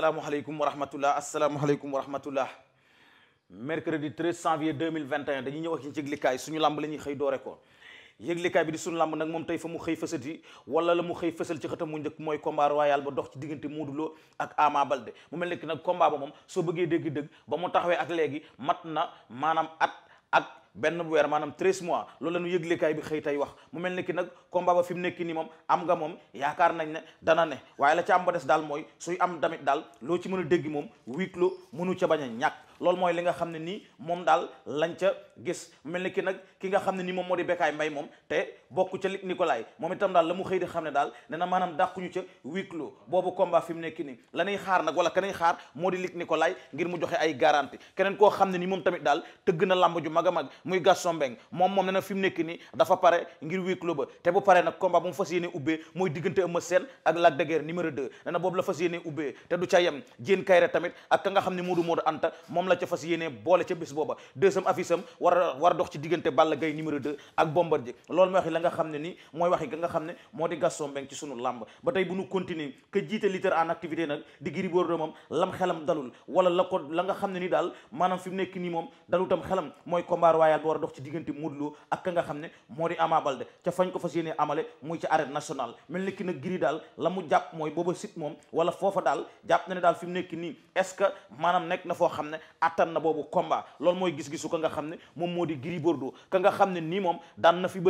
asalaamaaleykum wa rahmatullah asalaamaaleykum wa rahmatullah mercredi 13 janvier 2021 dañuy ñëw ak ci kaay suñu lamb la ñuy xëy doore ko yëglikaay bi di suñu lamb nag moom tey fa mu xëy fësati wala la mu xëy fësal ci xëtam mu njëkk mooy combat royal ba dox ci diggante mu duloo ak Ama Baldé mu mel nekk nag combat ba moom soo bëggee dégg-dëgg ba mu taxawee ak léegi mat na maanaam at ak benn bu weer maanaam treize mois loolu la ñu yëglekaay bi xëy tey wax mu mel ni ki nag combat ba fi mu nekk nii moom am nga moom yaakaar nañ ne dana ne waaye la ca am ba des daal mooy suy am damit daal loo ci mën a dégg moom huis clos mënu ca bañ a ñàkk loolu mooy li nga xam ne nii moom daal lañ ca gis mel ni ki nag ki nga xam ne nii moom moo di Bécaye Mbaye moom te bokk ca lig Nicolas moom itam daal la mu xëy di xam ne daal ne maanaam dàquñu ca huis clos boobu combat fi mu nekk nii la ñuy xaar nag wala keneen xaar moo di lig Nicolas ngir mu joxe ay garantie keneen koo xam ne nii moom tamit daal tëgg na làmba ju mag a mag muy Gaston Mbengue moom moom ne na fi mu nekk nii dafa pare ngir huis clos ba te bu pare nag combat bu mu fas yéene ubbee mooy diggante Eumeu Sène ak Lac numéro 2 ne na la fas yéene ubbee te du ca yem Diène Kaïré tamit ak ka nga xam ne Modou Modou Anta moom la ca fas yéene boole ca bés booba deuxième affiche am war a war a dox ci diggante Balla Gaye numéro 2 ak Bombardier loolu mooy waxi la nga xam ne nii mooy waxi ka nga xam ne moo di Gaston Mbengue ci sunu làmb ba tey bu ñu continuer la la nga xam ne bi war a dox ci diggante Modou Lo ak ka nga xam ne moo di Ama Baldé ca fañ ko fas yéene amale muy ci arène nationale mel ni ki nag giri daal la mu jàpp mooy booba sit moom wala foofa daal jàpp na ne daal fi mu nekk nii fi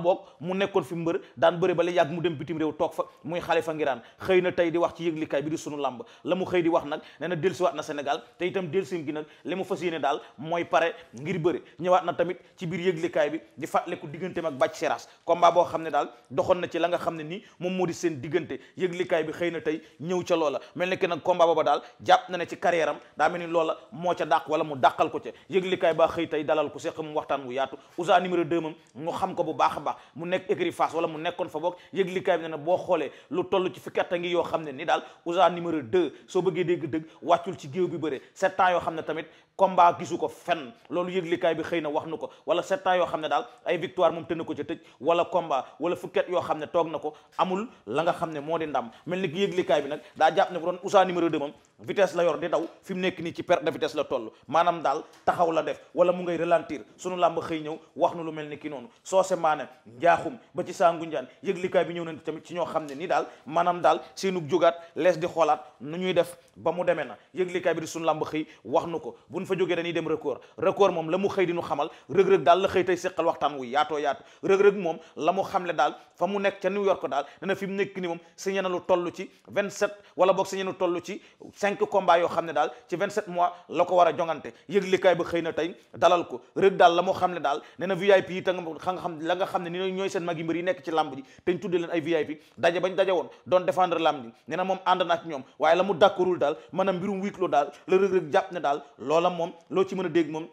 boog mu nekkoon fi mbër daan bëre ba la yàgg mu dem bitim réew toog fa muy Khalifa Ngiraan xëy na tey di wax ci yëglikaay bi di sunu làmb la mu xëy di wax nag nee na dellusiwaat na Sénégal te itam dellusim gi nag li mu fas yéene daal mooy pare ngir bëre ñëwaat na tamit ci biir yëglekaay bi di fàttaliku digganteem ak bàcc seras combat boo xam ne daal doxoon na ci la nga xam ne nii moom moo di seen diggante yëglekaay bi xëy na tey ñëw ca loola mel ni que nag combat booba daal jàpp na ne ci carrière am daa mel loola moo ca dàq wala mu dàqal ko ca yëglekaay baa xëy tey dalal ko seq mu waxtaan wu yaatu ousa numéro 2 moom ñu xam ko bu baax baax mu nekk écurie Fass wala mu nekkoon fa boog yëglekaay bi ne na boo xoolee lu toll ci fukki at a ngi yoo xam ne nii daal ousa numéro 2 soo bëggee dégg dëgg wàccul ci géew bi bëre sept ans xam ne tamit combat gisu ko fenn loolu yëglikaay bi xëy na wax nu ko wala sept ans yoo xam ne daal ay victoire moom tënn ko ca tëj wala combat wala fukket yoo xam ne toog na ko amul la nga xam ne moo di ndam mel ni ki yëglikaay bi nag daa jàpp ne bu doon Ousa numéro 2 moom vitesse la yor di mu nekk nii ci perte de vitesse la toll maanaam daal taxaw la def wala mu ngay ralentir sunu làmb xëy ñëw wax nu lu mel ni ki noonu soose maana njaaxum ba ci sangu njaan yëglikaay bi ñëw nañ tamit ci ñoo xam ne ni daal maanaam daal seenug jógaat lees di xoolaat nu ñuy def ba mu demee na yëglikaay bi di sunu làmb xëy wax nu ko buñ fa jógee dañuy dem record record moom la mu xëy di xamal rëg-rëg daal la xëy tey seqal waxtaan wu yaatoo yaatu rëg-rëg moom la mu xamle daal fa mu nekk ca New York daal dana fi nekk ni moom signé na lu toll ci 27 wala boog signé lu toll ci 5 combats xam ne daal ci 27 mois la ko war a jongante yëglikaay ba xëy na tey dalal ko rëg daal la mu xamle daal nee VIP yi ta nga xam ne ni ñooy seen magi mbër yi nekk ci làmb ji moom loo ci mën a dégg moom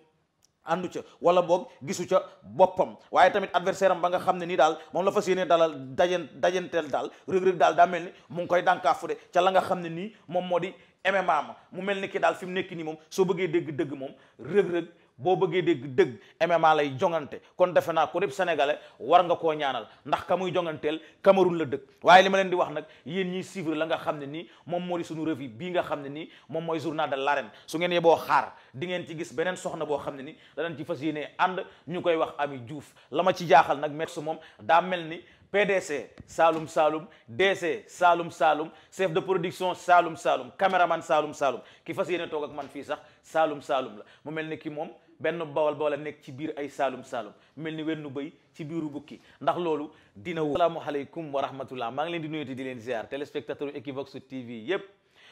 àndu ca wala boog gisu ca boppam waaye tamit adversaire am ba nga xam ne nii daal moom la fas yéene dalal dajen dajenteel daal rëg-rëg daal daa mel ni mu ngi koy dànkaafu de ca la nga xam ne nii moom moo di MMA ma mu mel ni ki daal fi mu nekk nii moom soo bëggee dégg dëgg moom rëg-rëg boo bëggee dégg dëgg MMA lay jongante kon defe naa ko rëbb sénégalais war nga koo ñaanal ndax ka muy jonganteel Cameroun la dëkk waaye li ma leen di wax nag yéen ñi suivre la nga xam ne nii moom moo di suñu revue bii nga xam ne nii moom mooy journal de l'arène su ngeen yeboo xaar di ngeen ci gis beneen soxna boo xam ne ni danañ ci fas yéenee ànd ñu koy wax Ami Diouf la ma ci jaaxal nag metti su moom daa mel ni PDC saalum saalum DC Saloum saalum chef de production Saloum Saloum caméraman Saloum Saloum ki fas yéene toog ak man fii sax Saloum Saloum la mu mel ni ki moom benn bawal bawal nekk ci biir ay saalum saalum mel ni wenn bëy ci biiru bukki ndax loolu dina wóor salaamualeykum wa rahmatullah maa ngi leen di nuyu di leen ziar téléspectateur Equivox TV yépp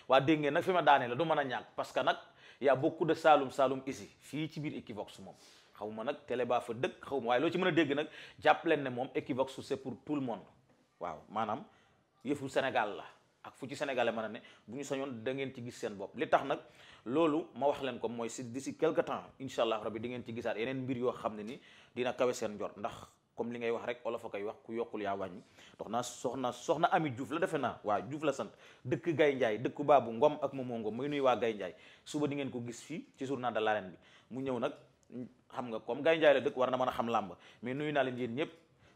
waa dégg ngeen nag fi ma daane la du mën a ñàkk parce que nag y a beaucoup de saalum saalum ici fii ci biir Equivox moom xaw ma nag télé baa fa dëkk xaw ma waaye loo ci mën a dégg nag jàpp leen ne moom Equivox c'est pour tout le monde waaw maanaam yëfu Sénégal ak fu ci sénégalais mën a ne bu ñu sañoon da ngeen ci gis seen bopp li tax nag loolu ma wax leen ko mooy si d'ici quelque temps incha allah rabbi di ngeen ci gisaat yeneen mbir yoo xam ne ni dina kawe seen njort ndax comme li ngay wax rek olof a koy wax ku yokkul yaa wàññi dox na soxna soxna ami Diouf la defe naa waa Diouf la sant dëkk Gaye Ndiaye baa bu Ngom ak Momo Ngom muy nuy waa Gaye suba di ngeen ko gis fii ci journal de l'arène bi mu ñëw nag xam nga comme Gaye Ndiaye la war na mën a xam làmb mais nuyu naa leen yéen ñëpp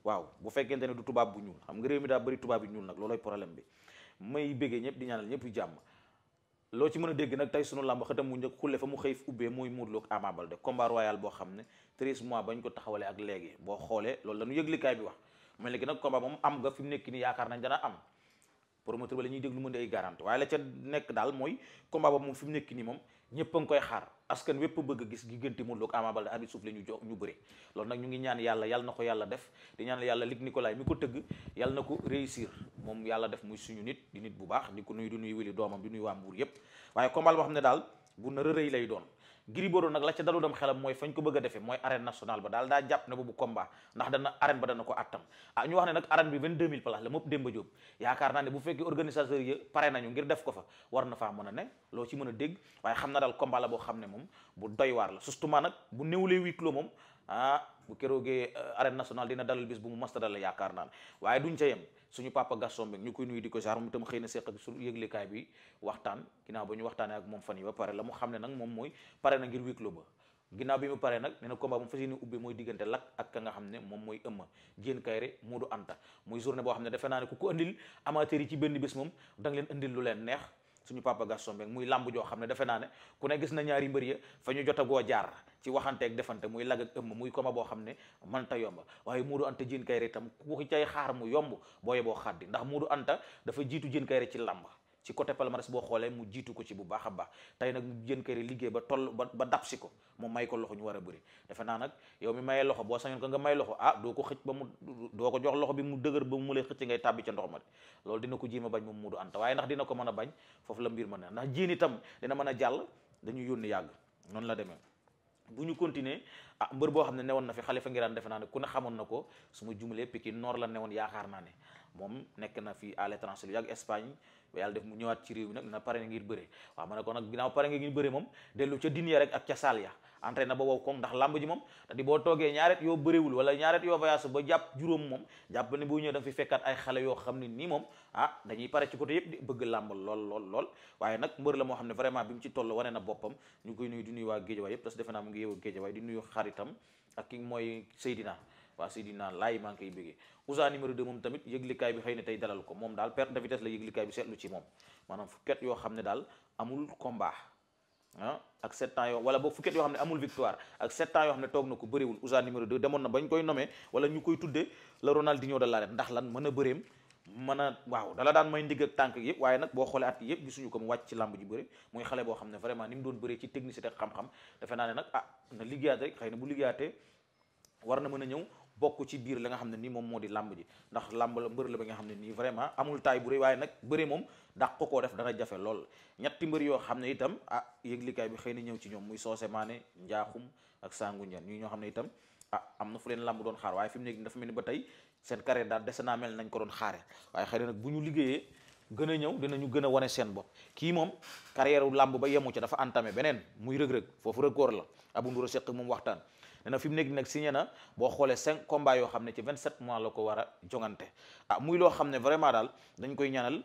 waaw bu fekkente ne du tubaab bu ñuul xam nga réew mi daa tubaab bu ñuul nag looloy problème bi may béggee ñëpp di ñaanal ñëpp jàmm loo ci mën a dégg nag tey sunu làmb xëtam mu njëkk xulle fa mu xëy ubbee mooy Modou Lo ak Ama Baldé combat royal boo xam ne treize mois bañ ko taxawalee ak léegi boo xoolee loolu la ñu yëglikaay bi wax mais léegi nag combat moom am nga fi mu nekk nii yaakaar nañ dana am promoteur ba la ñuy déglu mën di ay garanti waaye la ca nekk daal mooy combat boobu moom fi mu nekk nii moom ñëpp a koy xaar askan wépp bëgg a gis diggante Modou Lo ak Ama Baldé arbitre suuf la ñu jox ñu bëre loolu nag ñu ngi ñaan yàlla yàlla na ko yàlla def di ñaan yàlla Luc Nicolaï mi ko tëgg yàlla na ko réussir moom yàlla def muy suñu nit di nit bu baax di ko nuyu du nuyu wili doomam di nuyu waa Mbuur yépp waaye combat boo xam ne daal bu nar a rëy lay doon Gris Bordeaux nag la dalu dem xelam mooy fañ ko bëgg a defee mooy arène nationale ba daal daa jàpp ne boobu combat ndax dana arène ba dana ko attam ah ñu wax ne nag moom mooy pare pare na ngir huis clos ba ginnaaw bi mu paree nag nee na combat bu mu fas ubbi mooy diggante Lac ak ka nga xam ne moom mooy Eumeu Diène Kaïré Modou Anta muy boo xam ne defe naa ne ku ko andil amateur yi ci moom da nga leen andil lu leen neex suñu papa Gaston Mbengue muy làmb joo xam ne defe naa ne ku ne gis na ñaari mbër ya fa ñu jot a goo jaar ci waxante ak muy lag ak boo xam ne mënta yomba waaye Modou Anta Diène Kaïré itam ku ko cay xaar mu yomb boo yeboo xaddi ndax Modou Anta dafa jiitu Diène Kaïré ci làmb ci côté palmarès boo xoolee mu jiitu ko ci bu baax a baax tey nag mu jën këri liggéey ba toll ba ba ko mu may ko loxo ñu war a bëri defe naa nag yow mi mayee loxo boo sañoon ko nga may loxo ah doo ko xëcc ba mu loxo bi mu dëgër ba mu lay xëcc ngay tàbbi ca ndox ko moom Modou Anta waaye ndax dina ko mën a bañ foofu la mbir mën na ndax jéen itam dina mën a jàll dañu yónni yàgg noonu la demee bu ñu continuer ah mbër boo xam ne newoon na fi xalifa ngiraan defe naa ne ku ne xamoon na ko su ma jumlee Pikine Nord la woon yaakaar naa ne moom nekk na fi à l'étranger lu yàgg Espagne ba yàlla def mu ñëwaat ci réew mi nag dina pare ngir bëre waaw ma ko nag ginnaaw pare nga ngir bëre moom dellu ca din ya rek ak ca saal ya entraîné na ba wow koom ndax lamb ji moom te di boo toogee ñaaret yoo bëréwul wala ñaaret yoo voyage ba jàpp juróom moom jàpp ne boo ñëwee da nga fi fekkaat ay xale yoo xam ne nii moom ah dañuy pare ci côté yëpp di bëgg làmb lool lool lool waaye nag mbër la moo xam ne vraiment bi mu ci toll wane na boppam ñu koy nuyu di nuyu waa géejawaay yëpp parce que defe naa mu ngi yeewu géejawaay waa Seydina Laay maa ngi koy bëggee Ousa numéro 2 moom tamit yëglikaay bi xëy na tey dalal ko moom daal perte de la yëglikaay bi seetlu ci moom maanaam fukket yoo xam ne daal amul combat ah ak sept yoo wala boog fukket yoo xam ne amul victoire ak sept ans yoo xam ne toog na ko bëriwul Ousa numéro 2 demoon na bañ koy nommé wala ñu koy tuddee la Ronaldinho de l'arène ndax lan mën a bëreem mën a waaw dala daan may ndigg ak tànk yëpp waaye nag boo xoolee at yëpp gisuñu ko mu wàcc ci làmb ji bëre muy xale boo xam ne vraiment ni mu doon bëree naa ne nag ah na liggéeyaat xëy na bu liggéeyaatee war na mën a bokk ci biir la nga xam ne nii moom moo di làmb ji ndax làmb la mbër la ba nga xam ne nii vraiment amul taay bu rëy waaye nag bëre moom ko koo dana jafe lool ñetti mbër yoo xam ne itam ah yëglikaay bi xëy na ñëw ci ñoom muy Socé Mané Njaaxum ak Sangu Ndian ñi ñoo xam ne itam ah am na fu leen làmb doon xaar fi mu nekk dafa mel ni ba tey seen carrière daal dese naa mel nañ ko doon xaare waaye xëy nag bu ñu liggéeyee gën a ñëw dinañu gën a wane seen bopp kii moom carrière wu làmb ba yemu ca dafa entamé beneen muy rëg-rëg foofu record la abu ndur a seq moom waxtaan nee na fi mu nekk nag signé na boo xoolee cinq combats yoo xam ne ci vingt sept mois la ko war a jongante ah muy loo xam ne vraiment daal dañ koy ñaanal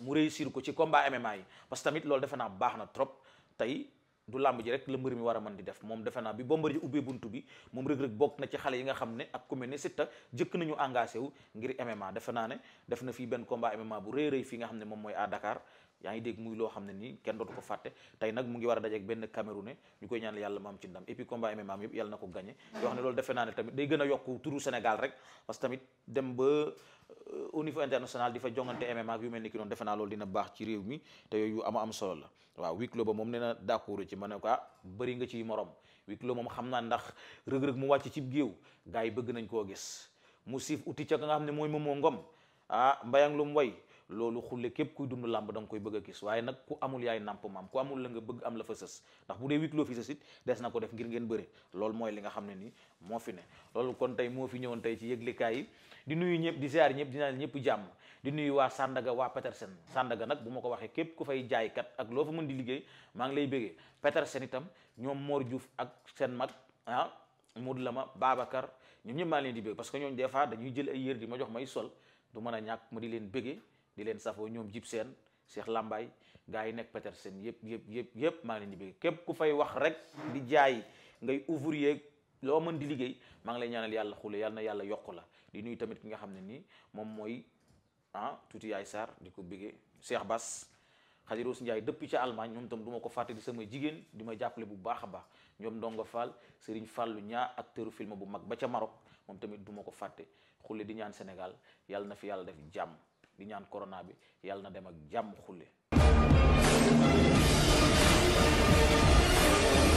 mu réussir ko ci combat MMA yi parce que tamit loolu defe naa baax na trop tey du làmb ji rek la mbër mi war a mën di def moom defe naa bi Bombardier ubbee buntu bi moom Reug bokk na ci xale yi nga xam ne ak ku mel jëkk nañu engagé wu ngir MMA defe naa ne def na fii benn combat MMA bu rëy rëy fii nga xam ne moom mooy à Dakar yaa ngi dégg muy loo xam ne nii kenn dootu ko fàtte tey nag mu ngi war a dajeek benn Camerounais ñu koy ñaanal yàlla maam ci ndam et puis combat am yëpp yàlla na ko gagné yoo xam ne loolu a yokk turu Sénégal rek parce que tamit dem ba euh, au niveau international di fa jongante MMA yu mel ni ki noonu defe naa loolu dina baax ci réew mi am solo la waaw huis clos ba moom ne na d'accord ci ma ne ko ah, bëri nga ciy morom huis clos moom xam naa ndax rëg-rëg mu wàcc ci géew gars yi bëgg nañ koo gis mu siif uti ca nga ne mooy moom moo ah mbayang lu mu way loolu xulle képp kuy dund làmb da nga koy bëgg a gis waaye nag ku amul yaay nàmp maam ku amul la nga bëgg am la fa sës ndax bu dee huis clos fi sës des na ko def ngir ngeen bëre lool mooy li nga xam ne ni moo fi ne loolu kon tey moo fi ñëwoon tey ci yëglikaay yi di nuyu ñëpp di ziar ñëpp di naan ñëpp jàmm di nuyu waa Sandaga waa Petersen Sandaga nag bu ma ko waxee képp ku fay jaaykat ak loo fa mën di liggéey maa ngi lay bëggee Petersen itam ñoom Mor Diouf ak seen mag ah Modou Lama Babacar ñoom ñëpp maa leen di bëgg parce que ñooñu des fois dañuy jël ay yër di ma jox may sol du mën a ñàkk ma di leen bëggee di leen safoo ñoom jib seen Cheikh Lambaay gars yi nekk Petersen yëpp yëpp yëpp yëpp maa ngi leen di bëgg képp ku fay wax rek di jaay ngay ouvrier loo mën di liggéey maa ngi lay ñaanal yàlla xule yàlla na yàlla yokk la di nuy tamit ki nga xam ne nii moom mooy ah tuuti yaay sar di ko bëggee Cheikh Bass Khadiros Ndiaye dëpp ca Allemagne moom tam du ko fàtte di jigéen di ma jàppale bu baax a baax ñoom Ndongo Fall Serigne Fallou ñaa acteur film bu mag ba ca Maroc moom tamit duma ko fàtte xule di ñaan Sénégal yàlla na fi yàlla def jàmm di ñaan corona bi yàlla na dem ak jàmm